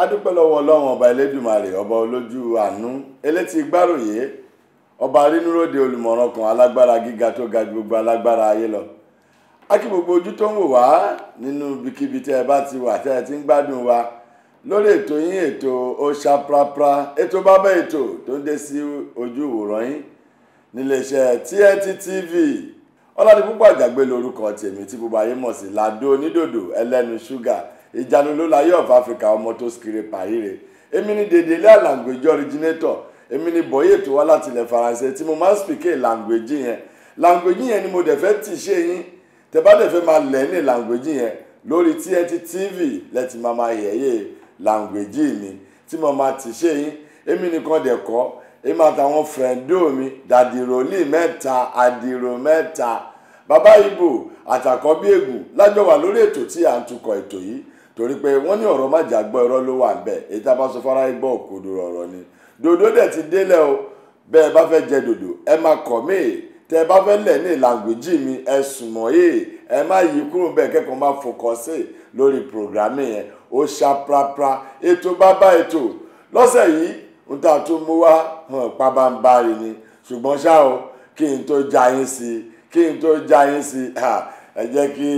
adúpẹ́ lọ́wọ́ ọlọ́run ọba elédùmarè ọba olójú àánú elétí gbáròyé ọba rínúróde olùmọ̀ràn kan alágbára gíga tó ga ju gbogbo alágbára ayé lọ a kí gbogbo ojú tó ń wò wá nínú ibikíbi tẹ́ ẹ bá ti wà tẹ́ ẹ ti ń gbádùn wa lórí ètò yín ètò ọṣà prapra ètò bàbá ètò tó ń dé sí ojú ìwòran yín níléeṣẹ́ TNT TV ọlọ́dún púpọ̀ àjàgbé lórúkọ tèmi tí gbogbo ayé mọ̀ sí Lado Onídòdò ẹlẹ́nu ṣúgà ìjàlólo láyé of Africa ọmọ tó skiri pàríre èmi ni Dèdèlé language originator èmi ni bọ́yé tó wá láti ilẹ̀ faransé tí mo máa ń speak a yẹn language yẹn ni mo dẹ̀ fẹ́ tì ṣe yín tẹ́ bá dẹ̀ fẹ́ máa lẹ̀ ní language yẹn lórí TNT TV lẹ́tì máa máa yẹ̀yẹ́ language mi tí mo máa tì ṣe yín èmi nìkan dẹ̀ kọ́ èmi àtàwọn fẹ̀ǹdó mi dàdìròlì mẹ́ta àdìrò mẹ́ta bàbá ibo àtàkọ́bí ègùn lájọ wà lórí ètò tí à ń tukọ̀ ètò yìí torí pé wọ́n ní ọ̀rọ̀ májàgbọ́ ẹ̀rọ ló wà bẹ́ẹ̀ èyí tá a bá sọ fara igbó òkodò ọ̀rọ̀ ni dòdò dẹ̀ ti délẹ̀ o bẹ́ẹ̀ bá fẹ́ jẹ dòdò ẹ máa kọ̀ mí tẹ́ ẹ bá fẹ́ lẹ̀ ní làǹgùjì mi ẹ sùnmọ́ yìí ẹ má yí kúrò bẹ́ẹ̀ kẹ́kọ̀ọ́ máa fòkọ́sì lórí programme yẹn ó ṣàprapra ètò bàbá ètò lọ́sẹ̀ yìí ń ta tó mú wá hàn pabambarì ni ṣùgbọ́n ṣá o kí n tó já yín sí kí n tó já yín sí ẹ jẹ́ kí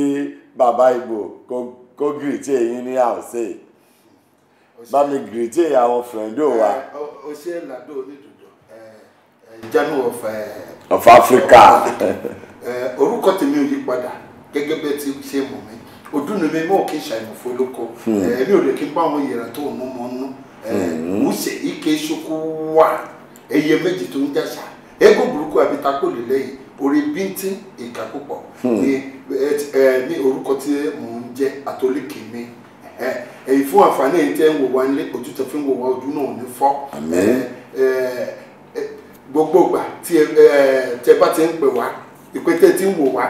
bàbá ìgbò kó kó gìrìtì èyí ní àwòsè bá mi gìrìtì àwọn fìrìndò wa. o ṣe ladọ onídùúdọ janu of Africa. orúkọ tèmi ò yí padà gẹ́gẹ́ bẹ́ẹ̀ ti ṣe mọ̀ mi òdùnnú hmm. mi mọ̀ kí n ṣàyẹ̀wò fọlọ́kọ ẹ̀mí ò lè kí n bá àwọn yẹ̀rẹ̀ tó mú mọ́ ike hmm. ṣokú wà ẹyẹ méjì tó ń jàṣà eégún burúkú àbítakò lè orí bíntín ní orúkọ tí mò ń jẹ́ àtọ́líkì mi fún àǹfààní èyí tẹ́ ń wò wá nílé ojú tẹ́ wò wá ojú náà ní fọ́ gbogbo ìgbà tí ẹ ti ń pè ń wò wá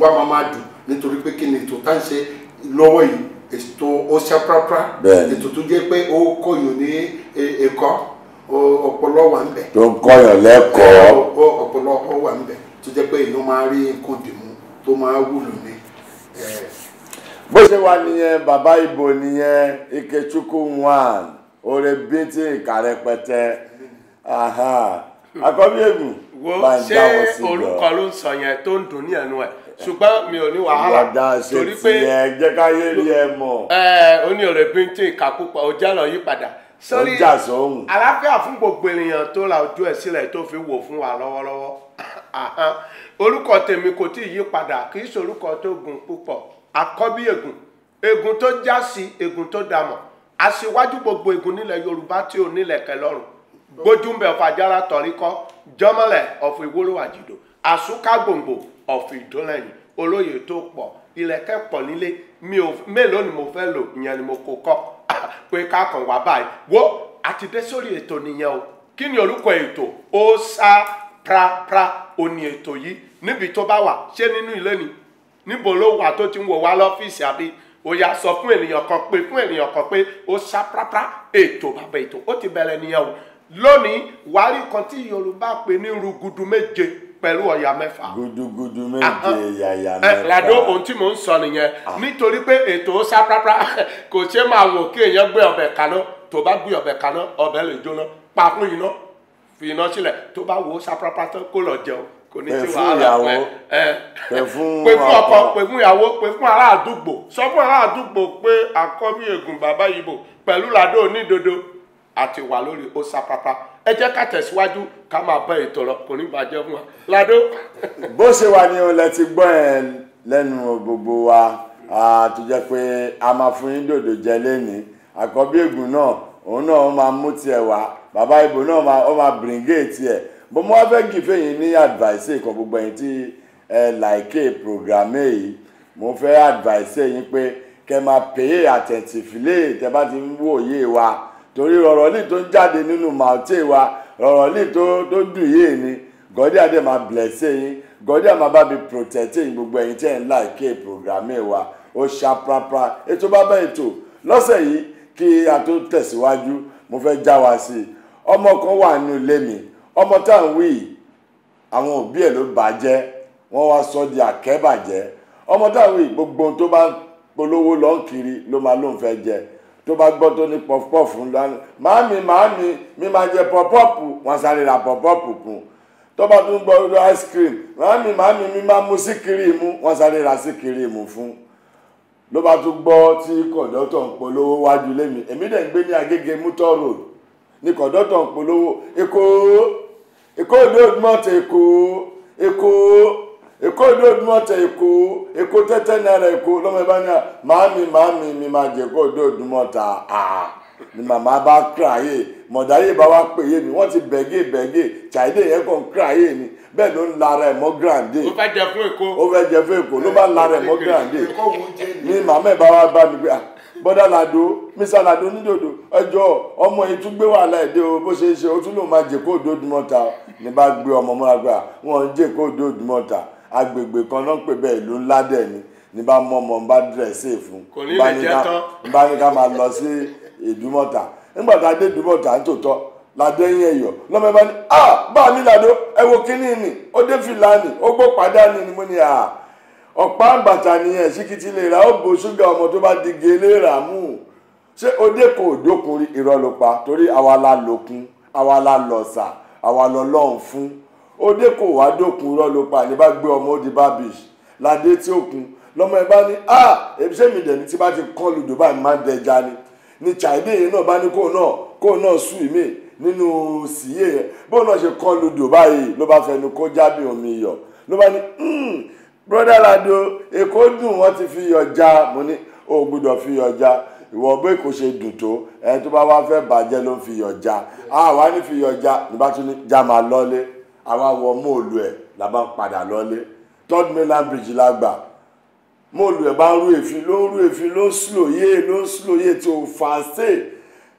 wa máa máa dùn nítorí pé kí ni ètò tá ń ṣe lọ́wọ́ yìí ètò ó ṣàprápra ètò tó jẹ́ pé ó ní ẹ̀kọ́ wà ń tó lẹ́kọ̀ọ́. wà ń tó jẹ́ pé tó máa wúlò ní. bó ṣe wà nìyẹn bàbá ìbò nìyẹn Ikechukwu one oore bíntì ìkàrẹpẹtẹ àkọ́bí ègùn bá ń dáwọ́ sí i Wo ṣé orúkọ ló yẹn tó ń dùn ní ẹnu ẹ̀ ṣùgbọ́n mi ò ní wàhálà torí pé jẹ́ ká yé rí mọ̀. ní lọ yí orúkọ tèmi kò tí ì yí padà kì í ṣorúkọ tó gùn púpọ̀ àkọ́bí ègùn ègùn tó já sí ègùn tó dàmọ̀ aṣíwájú gbogbo ègùn nílẹ̀ yorùbá tí ò nílẹ̀ kẹlọ́rùn gbójúmbẹ̀ of àjàrà tọ̀ríkọ́ jọ́mọ́lẹ̀ of ìwúrò àjìdò àsúká gbòǹgbò of ìdólẹ́yìn olóyè tó pọ̀ ilẹ̀kẹ́ pọ̀ nílé mélòó ni mo fẹ́ lò ìyẹn ni mo kó kọ́ pé ká kàn wá báyìí wo àtidé sórí ètò nìyẹn o kí ni orúkọ ètò ó sá prapra òní ètò yìí níbi tó bá wà ṣé nínú ilé ni níbo ló wà tó ti ń wò wá lọ́fíìsì àbí òyà sọ fún ènìyàn kan pé fún ènìyàn kan pé ó ṣá prapra ètò bàbá ètò ó ti bẹ̀rẹ̀ nìyẹn o lónìí wàá rí kan tí yorùbá pè ní rúgúdù méje pẹ̀lú ọ̀yà mẹ́fà. gudugudu ah, méje ah. yàyà eh, mẹ́fà. làdó ohun tí mò ń sọ nìyẹn ah. nítorí pé ètò sáprápá kò ṣe máa wò kí èèyàn gbé ọbẹ̀ kaná tó bá gbé ọbẹ̀ kaná ọbẹ̀ lè jóná pa fún iná fi iná sílẹ̀ tó bá wo sápápá tán kó lọ jẹun kò ní ti wàhálà pẹ́ pẹ́ fún ọkọ pẹ́ fún ìyàwó pẹ́ fún ará àdúgbò sọ fún ará àdúgbò pé àkọ́bí ègùn bàbá Ìgbò pẹ̀lú làdó onídodo àti wà lórí ó sápápá ẹ jẹ́ ká tẹ̀síwájú ká máa bá ètò lọ kò ní bàjẹ́ fún wa ládó. bó ṣe wà ní olè ti gbọ́ ẹ lẹ́nu gbogbo wa tó pé a máa fún yín dòdò jẹ lẹ́nìí àkọ́bí ègùn náà òun náà ó máa mú tiẹ̀ wá bàbá ibo náà ó máa bìrìngé tiẹ̀ bó mo wá fẹ́ gìfẹ́ yìí ní advice kan gbogbo ẹ̀yin tí ẹ like programme yìí mo fẹ́ advice yìí pé kẹ́ máa pay attentively e tẹ́ bá ti ń wòye wa torí rọ̀rọ̀lì tó ń jáde nínú màtí wa rọ̀rọ̀lì tó tó dùn yìí ni gọ́dí àdé máa bless yín gọ́dí àmà bá mi protect yín gbogbo ẹ̀yin tẹ́ ń like programme wa ó ṣàpápá ètò bàbá ètò lọ́sẹ̀ yìí kí a tó tẹ̀síwájú mo fẹ́ já wa sí i ọmọ kan wà nínú ilé mi ọmọ tá à ń wí àwọn òbí ẹ̀ ló bàjẹ́ wọ́n wá sọ di àkẹ́bàjẹ́ ọmọ tá à ń wí gbogbo ohun tó bá ń polówó lọ ń kiri ló máa lóun fẹ́ jẹ tó bá gbọ́ tó ní pọ̀fupọ̀fù ńlá màámi màámi mi máa jẹ pọ̀pọ̀pù wọn sáré ra pọ̀pọ̀pù kùn tó bá tún gbọ́ ice cream màámi màámi mi máa mu síkìrì mu wọn sáré ra síkìrì mu fún un ló bá tún gbọ́ tí kọ̀dọ́tọ̀ ń polówó wájú lémi èmi dẹ̀ ń gbé ní agége mútọ́ road ní kọ̀dọ́tọ̀ ń polówó èkó èkó òde òdùmọ̀tẹ̀ èkó èkó èkó òde òdùmọ̀tẹ̀ èkó èkó tẹ́tẹ́ náírà èkó lọ́mọ ẹ bá ní à màámi màámi mi máa jẹ èkó òde òdùmọ̀tà à ni màmá bá kíráyè mọ̀dáyé bá wá pè é mi wọ́n ti bẹ̀gẹ́ bẹ̀gẹ́ chàìdé yẹn kàn kíráyè ni bẹ́ẹ̀ ló ń lara ẹ̀ mọ́ grande. ó fẹ́ jẹ fún èkó. ó fẹ́ jẹ fún èkó ló bá lara ẹ̀ mọ́ grande. ní màmá ẹ̀ bá wá bá mi gbé à ah, bọ́dà làdó mísà làdó nídòdò ẹjọ́ ọmọ yìí tún gbé wàhálà èdè o bó ṣe ṣe o tún lòun máa ní bá gbé ọmọ ni bá ọmọ bá dírẹ̀sì fún un a dé ìdúmọ̀ta làdéyìn ẹ̀yọ̀ lọ́mọ ẹ bá ní à bá mi làdó ẹ wo kínní ni ó dé fìlà ni ó gbó padà ni ni mo ní à ọ̀pá àbàtà nìyẹn síkìtì lè ra ó bo ṣúgà ọmọ tó bá di gèlè rà mú ṣé odé kò dókunrin irọ́ torí àwa la lòkun àwa la lọ̀sà àwa lọ́lọ́run fún odé kò wá dókun irọ́ ní bá gbé ọmọ ó di bábìsì ládé tí ó kun lọ́mọ ẹ bá ní ṣé mi dẹ̀ ní tí bá ti kọ́ lu dubai máa ń dẹja ni ni chide yìí náà bá ní kó náà kó náà sùn mí nínú síyè yẹn bóun náà ṣe kọ́ lódò báyìí ló bá fẹnu kó jábì omi yọ ló bá ní hmm, broda lado èkó dùn wọ́n ti fi yọ já mo ní o gbọ́dọ̀ fi yọ já ìwọ bó èkó ṣe dùn tó ẹni tó bá wá fẹ́ bàjẹ́ ló ń fi yọ já àwa ní fi yọ já nígbà tó ní já máa lọ́lé àwa wọ móòlù ẹ̀ la bá ń padà lọ́lé third mainland bridge la gbà móòlù ẹ̀ bá ń rú èéfín ló ń rú èéfín ló ń slow yé ló ń slow yé tó fàṣẹ́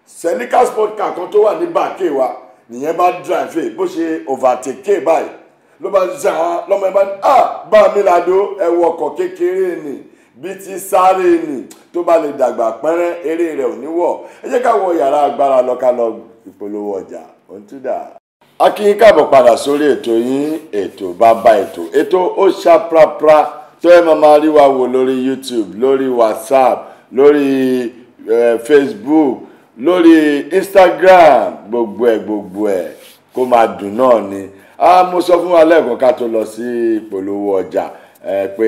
senica sport car kan tó wà ní bàkè wa nìyẹn bá drive e, bó ṣe overtake e báyìí ló bá ṣe àwọn lọ́mọ ẹ bá ní à ah, bá mi làdó ẹ wọ ọkọ̀ kékeré ni bí ti sáré ni tó bá lè dàgbà pẹ́rẹ́ eré rẹ̀ ò ní wọ̀ ẹ jẹ́ ká wọ yàrá agbára lọ́kàlọ́ ìpolówó ọjà òun tún dà. a kí yín káàbọ̀ padà sórí ètò yín ètò bàbá ètò ètò ó ṣàprapra tó ẹ máa máa rí wa wò lórí YouTube lórí WhatsApp lórí eh, Facebook lórí instagram gbogbo ẹ gbogbo ẹ kó máa dùn náà ni a mo sọ fún wa lẹ́ẹ̀kan ká tó lọ sí ìpolówó ọjà ẹ pé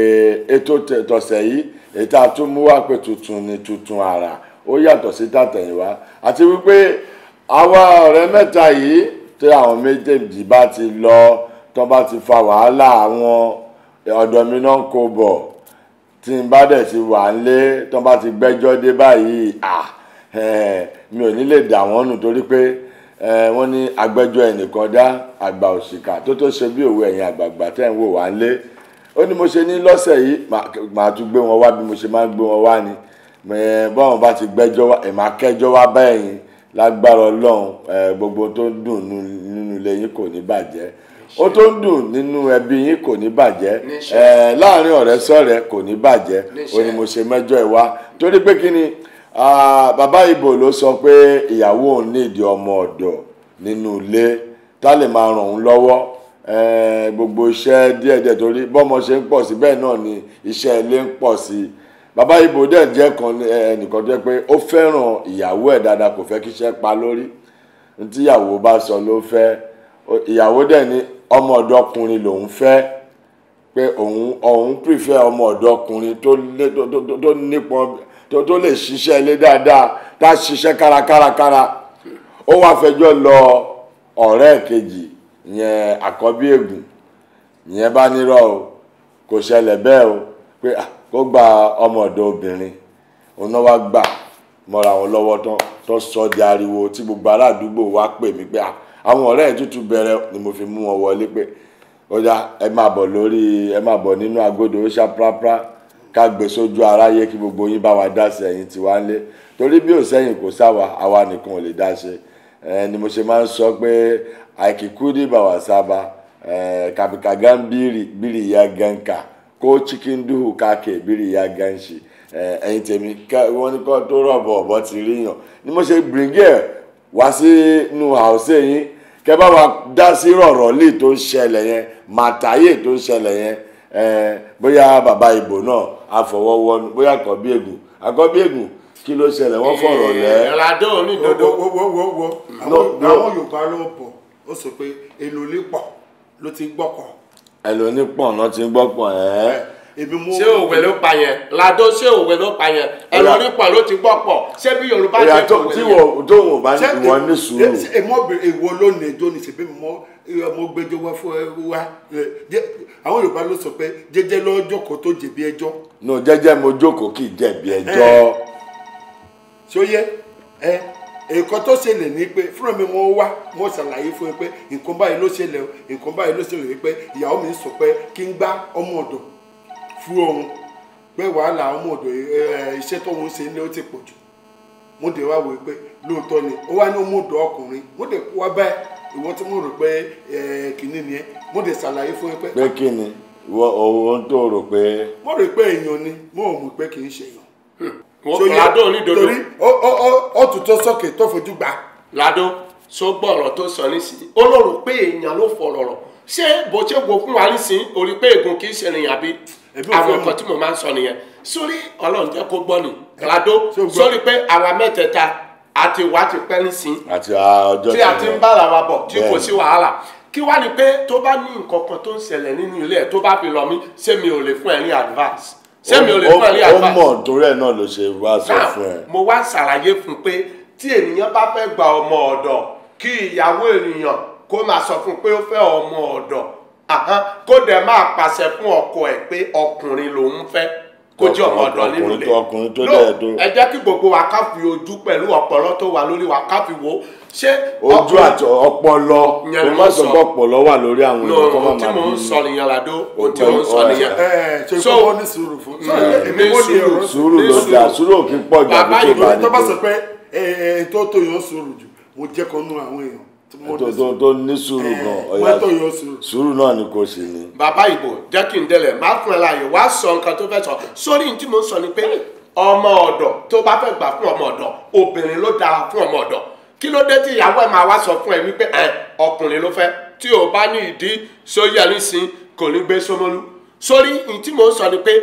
ètò tọ̀sẹ̀ yìí ètò àtúmúwá pé tuntun ni tuntun àrà ó yàtọ̀ sí tàtẹ̀yìnwá àti wípé àwa ọ̀rẹ́ mẹ́ta yìí tí àwọn méjèèjì bá ti lọ tán bá ti fa wàhálà àwọn ọ̀dọ́ mi náà ń bọ̀ tí n bá dẹ̀ ti wà ń lé tán bá ti gbẹ́jọ́ dé báyìí ah Eh, mi ò ní lè dà wọ́n nù torí pé eh, wọ́n ní agbẹ́jọ́ ẹnìkan dá àgbà òṣìkà tó tó ṣe bí òwe ẹ̀yìn àgbààgbà tẹ́ ń wò wá ń lé ó ní mo ṣe ní lọ́sẹ̀ yìí màá tún gbé wọn wá bí mo ṣe máa ń gbé wọn wá ni báwọn bá ti gbẹ́jọ́ wá ẹ̀ máa kẹ́jọ́ wá báyìí lágbára ọlọ́run eh, gbogbo tó ń dùn nínú ilé yín kò ní bàjẹ́ ó tó ń dùn nínú ẹbí yín kò ní bàjẹ́ láàrin ọ̀rẹ́ sọ̀rẹ́ kò ní bàjẹ́ ó ní mo ṣe mẹ́jọ ẹ̀ wá torí pé kí ni bàbá ibo ló sọ pé ìyàwó òun nídìí ọmọ ọ̀dọ̀ nínú ilé tá lè máa ràn òun lọ́wọ́ gbogbo iṣẹ́ díẹ̀díẹ̀ torí bọ́mọ ṣe ń pọ̀ sí bẹ́ẹ̀ náà ni iṣẹ́ ilé ń pọ̀ sí bàbá ibo dẹ̀ jẹ́ kan ẹnìkan tó yẹ pé ó fẹ́ràn ìyàwó ẹ̀ dáadáa kò fẹ́ kí iṣẹ́ pa lórí tíyàwó bá sọ ló fẹ́ ìyàwó dẹ̀ ní ọmọ ọ̀dọ́kùnrin lòún fẹ́ pé òun òun prefer ọmọ ọ̀dọ́kùnrin tó nípọn tó tó lè ṣiṣẹ́ ilé dáadáa tá a ṣiṣẹ́ kárakárakára ó wá fẹjọ́ lọ ọ̀rẹ́ kejì yẹn àkọ́bí ègùn yẹn bá nírọ̀ o kò ṣẹlẹ̀ bẹ́ẹ̀ o pé kó gba ọmọ ọ̀dọ̀ obìnrin òun náà wá gbà mọ́ra wọn lọ́wọ́ tán tó sọ di ariwo tí gbogbo ará àdúgbò wa pè mí pé àwọn ọ̀rẹ́ ẹ̀ tuntun bẹ̀rẹ̀ ni mo fi mú wọn wọlé pé ó ẹ máa bọ̀ lórí ẹ máa bọ̀ nínú agodo ó ṣá prapra. Pra ká gbé sójú aráyé kí gbogbo yín bá wa dá sí ẹ̀yin tí wá ń lé torí bí ò kò sáwa àwa nìkan ò lè dá ṣe ni mo ṣe máa ń sọ pé àìkíkúrí bàwà sábà kàbíkàgá ń bírì ya gànkà kó chikinduhu káàkiri bírì ya gànṣì ẹ̀yin tèmi wọ́n ní kọ́ tó rọ̀bọ̀ ọ̀bọ ti rí yàn ni mo ṣe bìrìngẹ̀ wá sínú àwòsàn yín kẹ bá wa dá sí rọ̀rọ̀ lè tó ń ṣẹlẹ̀ yẹn màtáyé tó ń ṣẹlẹ̀ yẹn bóyá bàbá ìbò náà àfọwọ́wọ́nu bóyá àkọ́bí ègùn àkọ́bí ègùn kí ló ṣẹlẹ̀ wọ́n fọ̀rọ̀ lẹ́. ìràdán ní dodo. wo wo wo wo àwọn yorùbá ló bọ̀ ó sọ pé èlò nípọ̀ ló ti gbọ́kọ̀. èlò nípọ̀ náà ti gbọ́kọ̀ ẹ̀ẹ́ èmi mú. ṣé òwe ló pa yẹn lado ṣé òwe ló pa yẹn ẹnu onípọ̀ ló ti gbọ́ pọ̀ ṣé bí yorùbá ṣe tó wẹ̀ yẹn. tó wọ̀ bá ìwọ ní sùúrù. èmi obìnrin èwo lónìí tó ní ṣèbí mọ́ ọmọ gbẹ́jọ́ wá fún ẹ wá àwọn yorùbá ló sọ pé jẹ́jẹ́ ló jókòó tó jẹ̀bi ẹjọ́. nù jẹ́jẹ́ mo jókòó kì í jẹ̀bi ẹjọ́. ṣóyẹ ẹ nǹkan tó ṣẹlẹ̀ ni pé fúnra mi mo wá mo ṣàlàyé fún ẹ pé nǹkan báyìí ló ṣẹlẹ̀ nǹkan báyìí ló ṣẹlẹ̀ pé ìyàwó mi sọ pé kí n gbá ọmọ ọ̀dọ̀ fún òun pé wàhálà àwọn ọmọ ọ̀dọ̀ eh, iṣẹ́ tó ń ṣe ni ó ti pọ̀ jù mo dé wá wò pé lóòótọ́ ni ó wá ní ọmọdé ọkùnrin mo dé wá báyìí ìwọ tí mo rò pé eh, kìnìún ni ẹ mo dé ṣàlàyé fún ẹ pé. pé kí ni ìwọ ohun tó rò pé. mo rò pé èèyàn ni mo ò mọ̀ pé kì í ṣe èèyàn. Hmm. wọ́n ládùn onídodo. torí ó tutọ́ sókè tó fojú gbà. ládùn sọ gbọ́rọ̀ tó sọ nísìnyí ó lọ rò pé èèyàn ló fọ̀rọ̀ rọ̀ ṣé bó ṣe wo fún wa nísìnyí orí pé ègún kì í ṣe ènìyàn bíi àwọn nǹkan tí mo máa ń sọ nìyẹn sórí ọlọ́run jẹ́ kó gbọ́ ni lado sórí pé àwa mẹ́tẹ̀ẹ̀ta àti ìwà ti pẹ́ nísìn tí a ti ń bára wa bọ̀ tí kò sí wàhálà kí wá ni pé tó bá ní nǹkan kan tó ń ṣẹlẹ̀ nínú ilé ẹ̀ tó bá fi lọ mí ṣé mi ò lè fún ẹ ní advance ṣé mi ò lè fún ẹ ní advance. ó mọ̀ torí ẹ̀ náà ló ṣe wá sọ fún ẹ. mo wá ṣàlàyé fún un pé tí ènìyàn bá fẹ́ gba ọmọ ọ̀dọ̀ kí ìyàwó ènìyàn kó máa sọ fún un pé ó fẹ́ ọmọ ọ̀dọ̀ kó dẹ̀ máa pàṣẹ fún ọkọ ẹ̀ pé ọkùnrin lòún fẹ́ kó jẹ́ ọmọ ọ̀dọ́ nínú ilé ló ẹ jẹ́ kí gbogbo wa ká fi ojú pẹ̀lú ọpọlọ tó wà lórí wa ká fi wo ṣé ojú àti ọpọlọ o má sọ pé ọpọlọ wà lórí àwọn èèyàn kọ́ máa máa bí mi. ohun tí mò ń sọ nìyẹn lado ohun tí mò ń sọ nìyẹn. ẹ ẹ ṣe kó wọ́n ní sùúrù fún. Hmm, sùúrù sùúrù ló dáa sùúrù ò kí pọ̀ jù àbí tó bá ní tó. bàbá ìgbà tó bá sọ pé ẹ tó yọ sùúrù jù ó jẹ́ kan nú àwọn èèyàn tó ní sùúrù eh, gan ọyà sùúrù náà ni kò ṣe ni. Baba ibo. jẹ́ kí n délẹ̀ má fún ẹ láàyè wá sọ nǹkan tó fẹ́ sọ sórí ní tí mo sọ ni pé ọmọ ọ̀dọ̀ tó bá fẹ́ gbà fún ọmọ ọ̀dọ̀ obìnrin ló dáa fún ọmọ ọ̀dọ̀ kí ló dé tí ìyàwó ẹ máa wá sọ fún ẹ wípé ọkùnrin ló fẹ́ tí o bá ní ìdí sóyà nísìn kò ní gbé sómọlú sórí ní tí mo sọ ni pé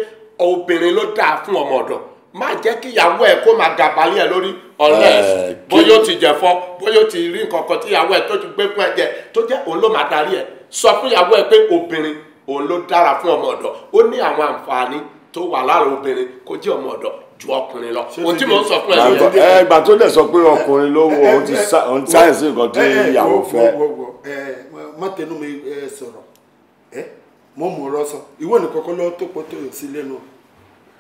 obìnrin ló dáa fún ọmọ ọ̀dọ̀ má jẹ́ kí ìyàwó ẹ̀ kó máa gàbálẹ̀ ẹ̀ lórí unless eh, bóyá o ti jẹ̀fọ́ bóyá o ti rí nǹkan kan tí ìyàwó ẹ̀ tó ti gbé fún ẹ jẹ tó jẹ́ òun ló máa darí ẹ̀ sọ fún ìyàwó ẹ̀ pé obìnrin òun ló dára fún ọmọ ọ̀dọ̀ ó ní àwọn àǹfààní tó wà lára obìnrin kó jẹ́ ọmọ ọ̀dọ̀ ju ọkùnrin lọ ohun tí mo ń sọ fún ẹ ló yẹ. ẹgbà tó dẹ̀ sọ pé ọkùnrin ló wọ ohun ti eh, eh, sáyẹ̀nsì nǹkan tí ìyàwó fẹ́. má tẹnu mi sọ̀rọ̀ mo mọ̀ ọ́ sọ ìwọ nìkan kọ́ lọ́ọ́ tó pọ̀ tó yọ sí lẹ́nu o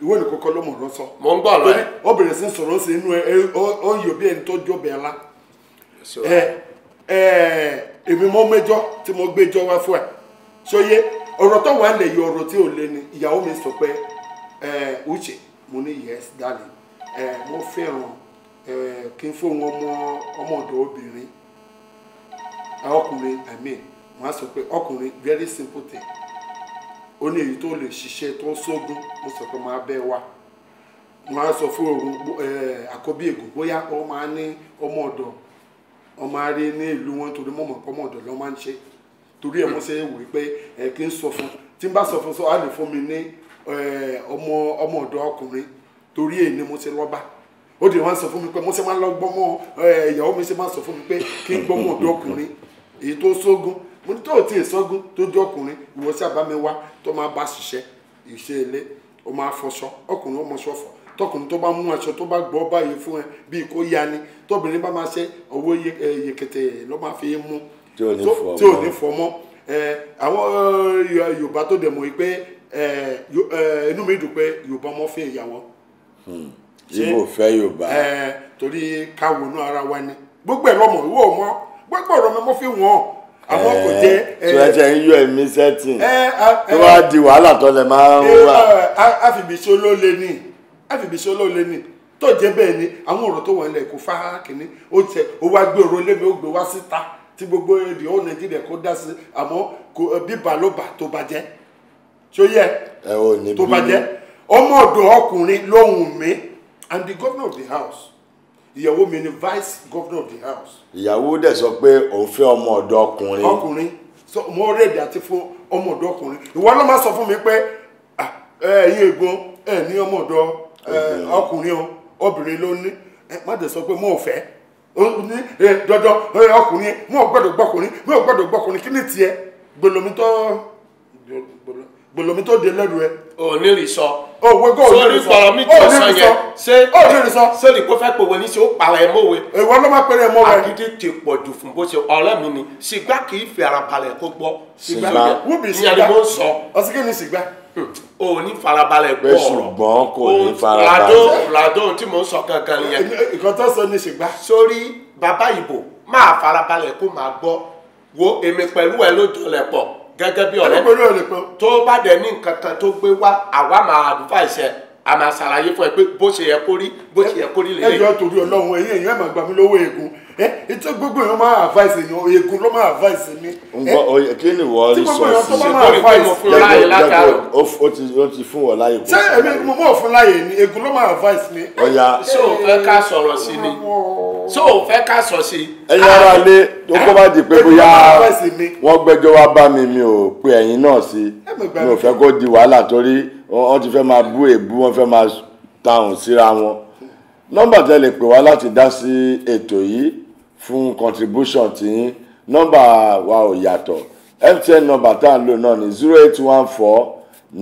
ìwé nìkọ́kọ́ ló mọ̀ lọ sọ. mo ń gbọ́ ọ̀rọ̀ ẹ̀. ó bẹ̀rẹ̀ sí sọ̀rọ̀ ó sì inú ẹ ó ń yọ bí ẹni tó jọbẹ̀ ẹ la. ẹ ẹ èmi mọ mẹ́jọ tí mo gbé jọ wá fún ẹ sọyẹ ọ̀rọ̀ tó wà lẹ́yìn ọ̀rọ̀ tí ò lé ni ìyàwó mi sọ pé ẹ uche mo ní yes darling ẹ mo fẹ́ràn ẹ kí n fóun ọmọ ọmọ ọ̀dọ̀ obìnrin ọkùnrin i mean wọn á sọ pé ọkùnrin very simple thing ó ní èyí tó lè ṣiṣẹ́ tó sógun mo sọ pé máa bẹ́ wa wọn á sọ fún òun àkọ́bí ègò bóyá ó máa ní ọmọ ọ̀dọ̀ ọmọ arí ní ìlú wọn torí mọ̀mọ́ ọmọ ọ̀dọ̀ ló máa ń ṣe torí ẹ̀ wọ́n ṣe wò pé ẹ̀ kí n sọ fún tí n bá sọ fún sọ á lè fún mi ní ọmọ ọmọ ọ̀dọ̀ ọkùnrin torí èyí ni mo ṣe lọ́ bá ó dì wọ́n sọ fún mi pé mo ṣe máa ń lọ gbọ́mọ ìyàwó mi ṣe máa sọ fún mi pé kí n gbọ́mọ ọ̀dọ̀ ọkùnrin èyí tó sógun mo ní tó o ti ìsọ́gun tó jẹ́ ọkùnrin ìwọ sí àbámẹ́wá tó máa bá ṣiṣẹ́ ìṣe ilé o máa fọṣọ ọkùnrin ó mọṣọ fọ tọkùnrin tó bá mú aṣọ tó bá gbọ́ báyìí fún ẹ bíi kó ya ni tóbìnrin bá máa ṣe owó yẹkẹtẹ ló máa fi mú tí ò ní fọ mọ́ àwọn yorùbá tó dẹ̀ mọ̀ yìí pé inú mi dùn pé yorùbá mọ́ fẹ́ ìyàwó. ibo hmm. fẹ́ yorùbá. torí káwọn inú ara wa ni gbogbo ẹ̀ lọ́mọ ìwọ ọmọ gbogbo ọ̀rọ̀ mi mo fi wọ́n àmọ́ kò eh, dé. tí wọ́n ṣe eh, ń yọ ẹ̀mí sẹ́tìn eh, tó wá di wàhálà tó lè máa ń wà. ni àfìbìsí olóle ni tó jẹ́ bẹ́ẹ̀ ni àwọn ọ̀rọ̀ tó wà nílẹ̀ kò fá kínní ó tẹ ó wá gbé lémi ó gbogbo èdè ó nàìjíríà kó dá sí àmọ́ bíbà ló bà tó bá tí ó yẹ tó bá ọmọ ìyàwó mi ni vice governor of the house. ìyàwó dẹ̀ sọ pé òun fẹ́ ọmọ ọ̀dọ́ ọkùnrin. ọkùnrin sọ mo rẹ̀dí àti fún ọmọ ọ̀dọ́ ọkùnrin ìwọ ló máa sọ fún mi pé ẹ̀yin ègbón ẹ̀ ní ọmọ ọ̀dọ́ ọkùnrin o obìnrin ló ní má dẹ̀ sọ pé mo ò fẹ́ ní dandan ọkùnrin mo ò gbọ́dọ̀ gbọ́kùnrin mo ò gbọ́dọ̀ gbọ́kùnrin kí ni tiẹ̀ gbolomi tó gbolomi tó de lẹ́nu ẹ. o ní rí sọ. o wo kó o ní rí sọ. sórí gbọ̀rọ̀ mi tó sàn yẹn. o ní rí sọ. sórí kó fẹ́ pòwe ní sí ó para ẹ mọ́we. ìwọ ló máa pèrè mọ́we. agídí ti pọ̀ jù fún bó ṣe ọ̀rẹ́ mi ni sìgbà kì í fi ara balẹ̀ kó gbọ́. sìgbà wúbi sìgbà ìyá ni mo ń sọ. ọsíkè ni sìgbà. Hmm. o ní farabalẹ̀ gbọ́ ọ̀rọ̀. ṣùgbọ́n kò ní farabalẹ̀. làdó tí mo ń sọ gẹ́gẹ́ bí ọ̀rẹ́ tó bá dẹ̀ ní nǹkan tó gbé wá àwa máa advice ẹ a máa ṣàlàyé fún ẹ pé bó ṣe yẹ kó bó ṣe yẹ kó rí lélẹ̀. ẹ jọ torí Ọlọ́run ẹ̀yin èèyàn ẹ máa gbà eegun ẹ ètò gbogbo èèyàn máa advice èèyàn egun ló máa advice mi. nǹkan kí ni wọ́n rí sọ sí i ṣe kó ní fún láàyè látàrọ. ó ti ó ti fún wọn láàyè. ṣé èmi mo mọ̀ fún láàyè ni egun ló máa advice mi. ọ̀ya ṣé o fẹ́ ká sọ̀rọ̀ sí ni ṣé o fẹ́ ká sọ̀ sí. ẹ̀yin ara lé ah. tó kó bá di pé bóyá wọ́n gbẹ́jọ́ wá bá mi mi ò pe ẹ̀yin náà sí mi ò fẹ́ kó di wàhálà torí wọ́n ti fẹ́ máa bú èébú wọ́n fẹ́ máa tàùn síra wọn nọ́mbà tẹ́ lè pè wá láti dá sí ètò yìí fún contribution tiyín nọ́mbà wa ò yàtọ̀ MTN nọ́mbà tá à lò náà ni zero eight one four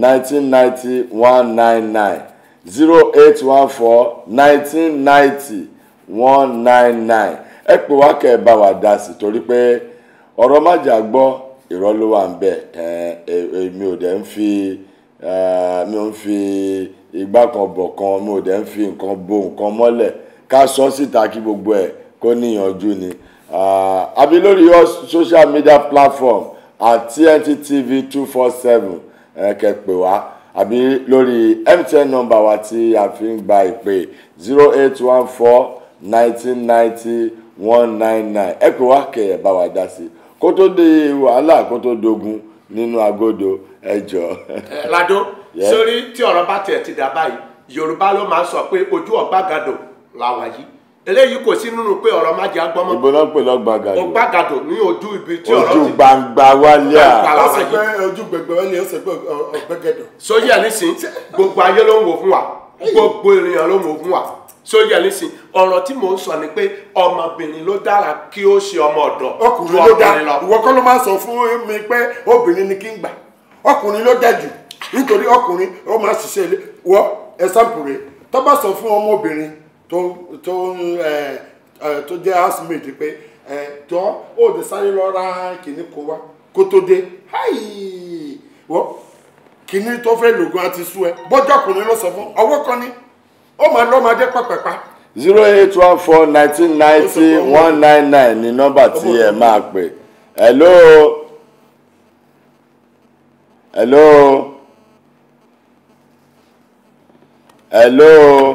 nineteen ninety one nine nine zero eight one four nineteen ninety one nine nine ẹ pè wá kẹ́ ẹ bá wa dá sí torí pé ọ̀rọ̀ májà gbọ́ irọ́ ló wà ń bẹ̀ èmi ò dẹ̀ ń fi mi ò ń fi igbá kan bọ̀ kan mi ò dẹ̀ ń fi nǹkan bo nǹkan mọ́lẹ̀ ká sọ síta kí gbogbo ẹ̀ kó níyànjú ni ah, àbí lórí social media platform at tnttv two four seven kẹ̀pẹ̀ wá àbí lórí mtn number wa tí a fi ń gba ìpè zero eight one four nineteen ninety one nine nine ẹ pè wá kẹ́ ẹ bá wa dá sí kó tó di wàhálà kó tó dogun nínú agodo ẹ jọ. lado sórí tí ọ̀rọ̀ bá tiẹ̀ ti dà báyìí yorùbá ló máa ń sọ pé ojú ọ̀gbagadò làwà yìí eléyìí kò sí nínú pé ọ̀rọ̀ má jẹ́ agbọ́mọ. ìbò náà pè lọ gbàgàdò. o gbàgàdò ní ojú ibi tí ọ̀rọ̀ ti. ojú gbangba wálé à. ọ̀sẹ̀ pé ojú gbẹgbẹ wálé ọ̀sẹ̀ pé ọ̀gbẹ́gẹ̀dọ̀. sóyè ẹlẹ́sìn gbogbo ayé ló ń wò fún wa gbogbo ènìyàn ló ń wò fún wa sóyè ẹlẹ́sìn ọ̀rọ̀ tí mò ń sọ ni pé ọmọbìnrin ló dára kí ó ṣe ọmọ ọ̀dọ̀ ju ọkùnrin lọ. ìwọ kọ́ ló máa sọ fún mi pé obìnrin ni kí n gbà ọkùnrin ló tó ẹ tó jẹ́ housemate pé tó ó lè sáré lọ ra kìíní kó wá kó tó dé tó fẹ́ lògùn àti sú ẹ bọjọ kùnú ló sọ fún ọwọ́ kan ní ó máa lọ máa dé pàpàpà. zero eight one four nineteen nọ́mbà tí ẹ máa pè hello hello hello.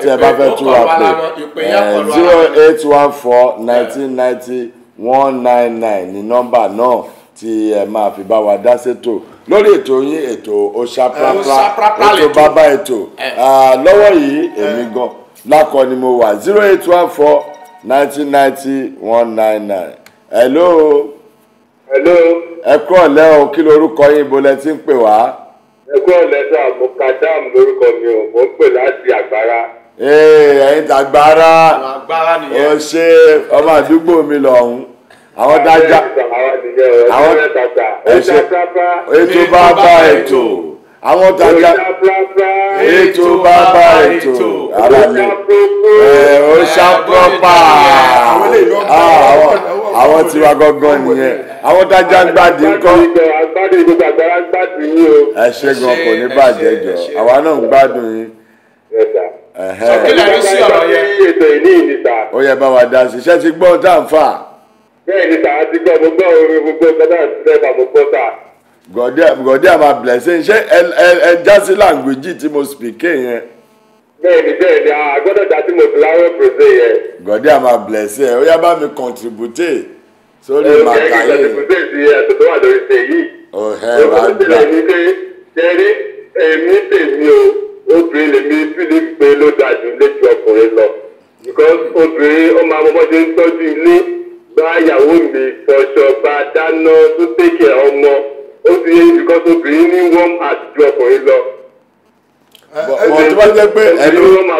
tí bá fẹ́ tún wa pè eh, zero eight one four nineteen ninety one nine nine ní nọ́mbà náà tí ẹ máa fi bá wa dá sétò lórí ètò yín ètò òṣàprápra eh, ètò bàbá ètò eh. ah, lọ́wọ́ yìí èmi gan lákọ ni mo wà zero eight one four nineteen ninety one nine nine hello. hello. ẹ kúrò lẹ́hìn o kí lorúkọ yín bó lẹ ti ń pè wá ẹgbẹ́ ọ̀lẹ́sà mukadam lórúkọ mi ò mọ̀ ń láti àgbára Eh, ẹ̀yin tàgbára ọ̀ṣẹ́ ọmọ àdúgbò mi lọ́hùn àwọn dájà àwọn ẹ̀ṣẹ̀ ètò bàbá ètò àwọn dájà ètò bàbá ètò ara mi ẹ̀ ọ̀ṣà pọ́pà àwọn tiwa gangan nìyẹn àwọn dájà ń gbàdí ńkọ́ ẹ ṣe gan kò ní bàjẹ́ jọ àwa náà ń gbádùn yín sọ kí lè rí sí ọ̀rọ̀ yẹn. ètò ìní ìní sà. ó yẹ bá wa dá sí iṣẹ́ ti gbọ́ tá à ń fà. bẹ́ẹ̀ ni sà á ti gbọ́ mo gbọ́ orin gbogbo gbọ́dọ̀ àti sẹ́ẹ̀bà mo gbọ́ sà. gọ̀dẹ́ àmà blessing ṣé ẹ já sí language tí mo speak yẹn. bẹ́ẹ̀ni bẹ́ẹ̀ni àgbọ́dọ̀ já sí mo fi láwọ́ pèsè yẹn. gọ̀dẹ́ àmà blessing ẹ ó yá bá mi contribute sórí màkàyè. ẹ ẹ contribute sí ẹ̀sùn tó wà lórí ṣe yìí. ọ̀hẹ́ bá gbà. èmi tèmi o obìnrin lèmi fílẹ̀ ń pe ló dáa jù ọkùnrin lọ because obìnrin ọmọ máa mọ́mọ́ ń tọ́jú ilé gba ìyàwó mi fọṣọ bá dáná tó ọmọ ó ti yé because obìnrin ní ọkùnrin lọ.